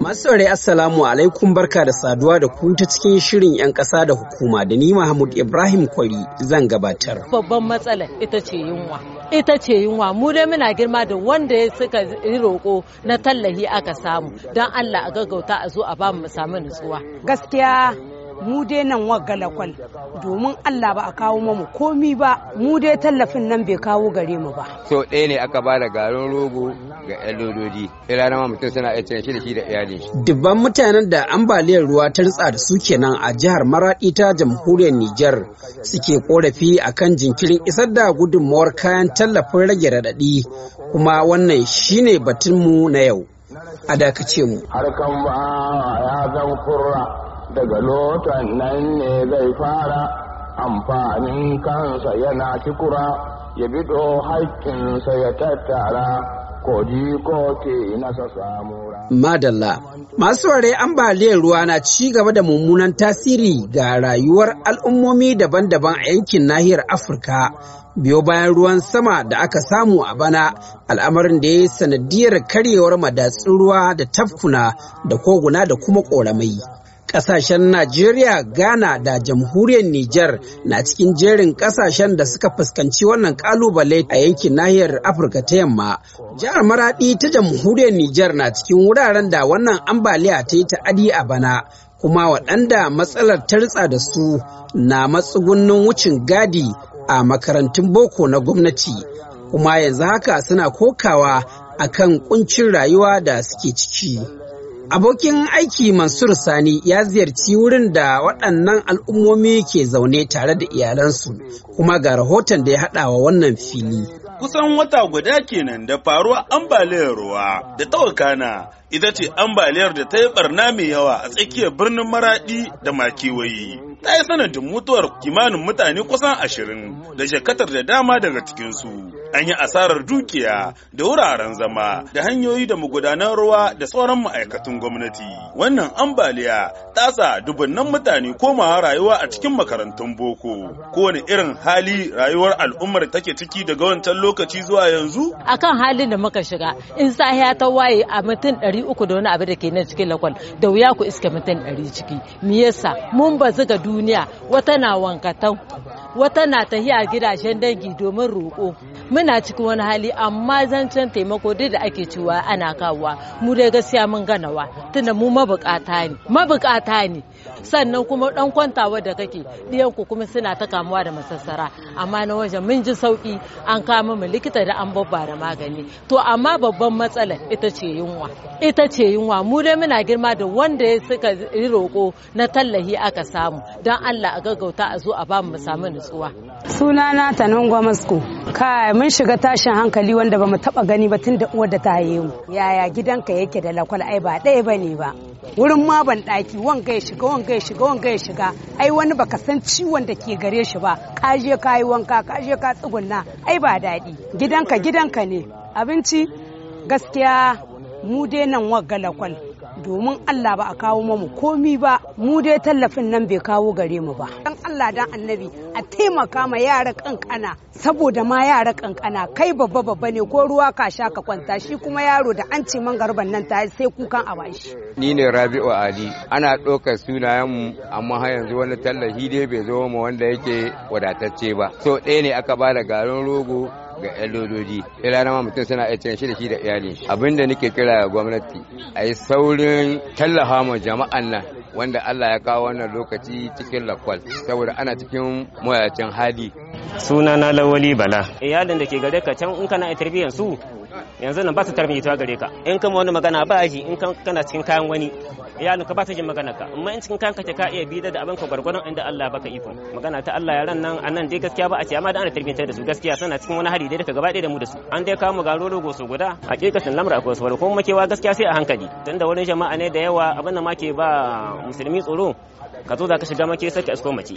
Masu saurari Assalamu alaikum barka da saduwa da ku ta cikin shirin 'yan ƙasa da hukuma da ni Mahmud Ibrahim Kwari zan gabatar. Babban matsala ita ce yunwa. Ita ce yunwa mu dai muna girma da wanda ya suka yi roƙo na tallahi aka samu don Allah a gaggauta a zo a ba mu samu nutsuwa. Gaskiya mu dai nan galakwal domin Allah ba a kawo mamu komi ba mu dai tallafin nan bai kawo gare mu ba. So ɗaya ne aka ba da garin rogo ga ƴan lododi. Ira na mutum suna aice shi da shi da iyali. Dubban mutanen da ambaliyar ruwa ta ritsa da su kenan a jihar Maraɗi ta jamhuriyar Nijar suke korafi akan jinkirin isar da gudunmawar kayan tallafin rage raɗaɗi kuma wannan shine batun mu na yau. A dakace mu. Harkan ba ya zan kurra daga lotan nan ne zai fara amfanin kansa yana cikura ya bido haƙƙinsa ya tattara ke nasa Madalla, masu ware ambaliyar ruwa na ci gaba da mummunan tasiri ga rayuwar al'ummomi daban-daban a yankin nahiyar Afirka. Biyo bayan ruwan sama da aka samu a bana, al'amarin da ya yi sanadiyar karyewar madatsun ruwa da tafkuna da koguna da kuma ƙoramai. Ƙasashen Najeriya, Ghana da jamhuriyar Nijar na cikin jerin ƙasashen da suka fuskanci wannan ƙalubale a yankin nahiyar Afirka ta yamma. Jihar Maradi ta jamhuriyar Nijar na cikin wuraren da wannan ambaliya ta yi ta'adi a bana. kuma waɗanda matsalar tartsa da su na matsugunnin wucin gadi a makarantun boko na gwamnati kuma yanzu haka suna kokawa akan ƙuncin rayuwa da suke ciki. Abokin aiki Mansur Sani ya ziyarci wurin da waɗannan al'ummomi ke zaune tare da iyalansu kuma ga rahoton da ya haɗa wa wannan fili. Kusan wata guda kenan da faruwa ambaliyar ruwa da tawakana ita ce ambaliyar da ta yi barna mai yawa a tsakiyar birnin maraɗi da makewayi. ta yi sanadin mutuwar kimanin mutane kusan ashirin da shekatar da dama daga cikinsu an yi asarar dukiya da wuraren zama da hanyoyi da magudanan ruwa da sauran ma'aikatan gwamnati wannan ambaliya tasa dubunnan mutane komawa rayuwa a cikin makarantun boko kowane irin hali rayuwar al'ummar take ciki daga wancan lokaci zuwa yanzu akan halin da muka shiga in sahiya ta waye a mutum ɗari uku da wani abu da ke nan cikin lakwal da wuya ku iske mutum ɗari ciki me yasa mun bazu ga duniya wata na wankatan wata na tahiya gidajen dangi domin roƙo muna cikin wani hali amma zancen taimako duk da ake cewa ana kawowa mu dai gaskiya mun ganawa tunda mu mabukata ne mabukata ne sannan kuma dan kwantawa da kake diyan ku kuma suna ta kamuwa da masassara amma na wajen mun ji sauki an kama mu likita da an babba da magani to amma babban matsala ita ce yunwa ita ce yunwa mu dai muna girma da wanda ya suka yi roko na tallahi aka samu dan Allah a gaggauta a zo a bamu mu samu nutsuwa sunana tanan gwamasku. Kai mun shiga tashin hankali wanda ba mu taba gani ba tun da uwar da ta haye mu. Yaya gidanka yake da lakwal ai ba ɗaya bane ba. Wurin ma ban ɗaki wanga ya shiga wanga ya shiga wanga ya shiga ai wani baka san ciwon da ke gare shi ba ka je ka yi wanka ka ka tsugunna ai ba daɗi gidanka gidanka ne abinci gaskiya mu dai nan wagga lakwal domin Allah ba a kawo mamu komi ba mu dai tallafin nan bai kawo gare mu ba dan Allah dan annabi a taimaka ma yara kankana saboda ma yara kankana kai babba babba ne ko ruwa ka sha ka kwanta shi kuma yaro da an ce man garban nan ta sai kukan a bashi ni ne Rabi'u Ali ana ɗaukar sunayen mu amma har yanzu wani tallafi dai bai zo ma wanda yake wadatacce ba so ɗaya ne aka ba da garin rogo ga yan ila na ma mutum suna aikin shi da shi da iyali abinda nake kira gwamnati a yi saurin tallafa ma jama'an nan wanda Allah ya kawo wannan lokaci cikin lakwal saboda ana cikin mayacin hali suna na lawali bala iyalin da ke gare ka can in kana a tarbiyyar su yanzu nan ba su tarbiyyatuwa gare ka in kama wani magana ba shi in kana cikin kayan wani iyalin ka ba ta jin magana ka amma in cikin kayan ka ka iya bida da abin ka gwargwaron inda Allah baka iko magana ta Allah yaran nan anan dai gaskiya ba a ce amma da ana tarbiyyar da su gaskiya suna cikin wani hali dai daga gaba da mu da su an dai kawo mu garo rogo su guda hakikatin lamar akwai su kuma makewa gaskiya sai a hankali tunda wurin jama'a ne da yawa abin da ma ke ba musulmi tsoro ka zo za ka shiga make sai ka isko mace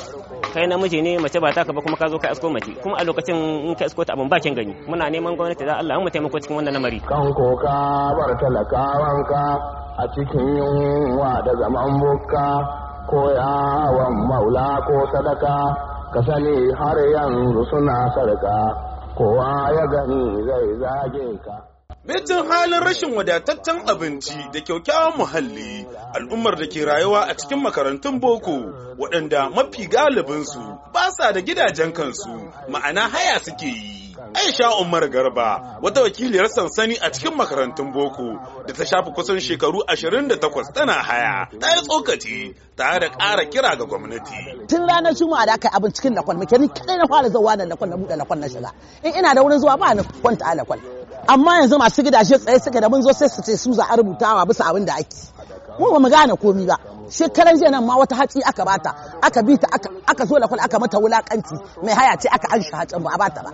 kai namiji ne mace ba ka ba kuma ka zo ka isko mace kuma a lokacin in ka isko ta abun bakin gani muna neman gwamnati da Allah mu taimako cikin wannan lamari kan koka bar talakawanka a cikin yunwa da zaman bukka ko yawan maula ko sadaka ka sani har yanzu suna sarka kowa ya gani zai zage ka Mitin halin rashin wadataccen abinci da kyaukyawan muhalli al'ummar da ke rayuwa a cikin makarantun boko waɗanda mafi galibinsu ba sa da gidajen kansu ma'ana haya suke yi. Aisha Umar Garba wata wakiliyar sansani a cikin makarantun boko da ta shafi kusan shekaru 28 tana haya ta yi tsokaci tare da ƙara kira ga gwamnati. Tun ranar shi da aka yi abin cikin lakwal muke ni kaɗai na fara zuwa da lakwal na buɗe lakwal na shiga. In ina da wurin zuwa ba na kwanta a lakwal. amma yanzu masu gidaje tsaye suka da mun zo sai su ce su za a rubutawa bisa abin da ake mu ba mu gane komai ba shekaran jiya nan ma wata hatsi aka bata aka bi ta aka zo lakwal aka mata wulakanci mai haya ce aka ansha hatsin ba a bata ba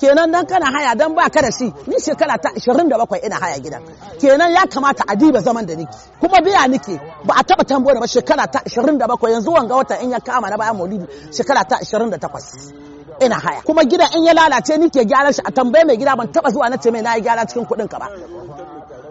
kenan dan kana haya dan ba ka da shi ni shekara ta 27 ina haya gidan kenan ya kamata a diba zaman da niki kuma biya nike ba a taba tambo da ba shekara ta 27 yanzu wanga wata in ya kama na bayan maulidi shekara ta 28 ina haya kuma gidan in ya lalace ni ke gyara shi a tambaye mai gida ban taba zuwa na ce mai na yi gyara cikin kuɗin ka ba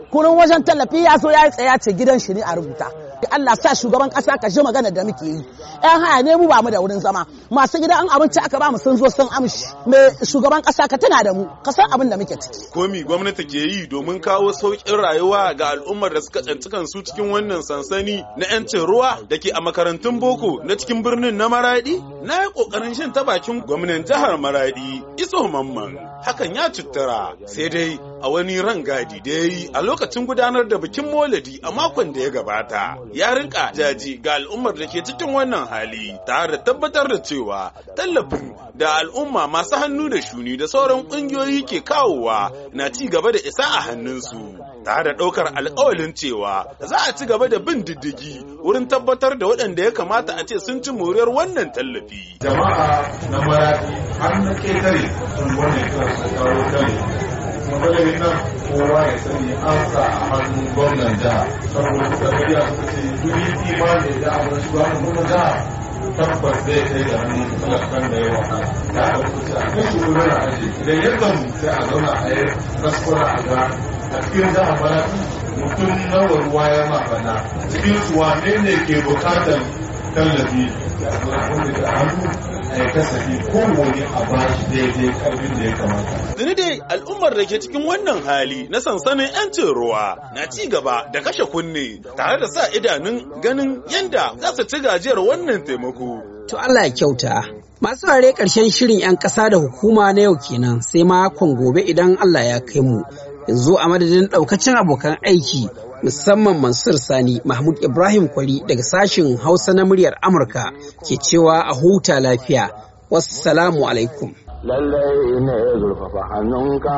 kurin wajen tallafi ya zo ya tsaya ce gidan shi ne a rubuta Allah sa shugaban kasa ka ji magana da muke yi yan haya ne mu ba mu da wurin zama masu gida an abinci aka ba mu sun zo sun amshi me shugaban kasa ka tana da mu ka san abin da muke ciki komi gwamnati ke yi domin kawo sauƙin rayuwa ga al'ummar da suka tsanci kansu cikin wannan sansani na yancin ruwa da ke a makarantun boko na cikin birnin na maradi na yi kokarin shan ta bakin gwamnan jihar maradi iso mamman hakan ya cuttara sai dai a wani rangadi da ya yi a lokacin gudanar da bikin Moladi a makon da ya gabata. Ya rinka jaji ga al'ummar da ke cikin wannan hali tare da tabbatar da cewa tallafin da al'umma masu hannu da shuni da sauran ƙungiyoyi ke kawowa na ci gaba da isa a hannunsu. tare da ɗaukar alkawalin cewa za a ci gaba da bin diddigi wurin tabbatar da waɗanda ya kamata a ce sun ci moriyar wannan tallafi. Jama'a na maraɗi an ketare sun wani kiran su kawo kare madalin nan kowa ya sani an sa a hannun gwamnan jiha saboda suka tafiya suka ce duk yi imanin da abin shugaban gwamnan jiha tabbas zai kai da hannun talakan da yawa da aka kusa a kan shi na aji da yadda mu sai a zauna a yi raskura a ga a cikin za a bana mutum nawa ruwa ya ma bana cikin su wane ne ke bukatar tallafi da a zauna a hannu ya kasafi a bashi daidai karfin da ya kamata. dai al'ummar da ke cikin wannan hali na sansanin 'yancin ruwa na ci gaba da kashe kunne tare da sa idanun ganin yadda za su ci gajiyar wannan taimako. To Allah ya kyauta. Masu ware ƙarshen shirin 'yan ƙasa da hukuma na yau kenan sai makon gobe idan Allah ya kai mu. Yanzu a madadin ɗaukacin abokan aiki musamman Mansur Sani Mahmud Ibrahim Kwari daga sashin Hausa na muryar Amurka ke cewa a huta lafiya. Wassalamu alaikum. Lallai ne zurfafa hannunka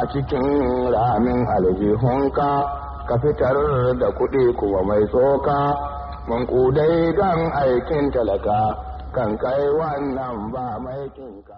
a cikin ramin aljihunka ka fitar da kuɗi kuma mai tsoka, Mun kudai don aikin talaka kan kai wannan ba maikinka.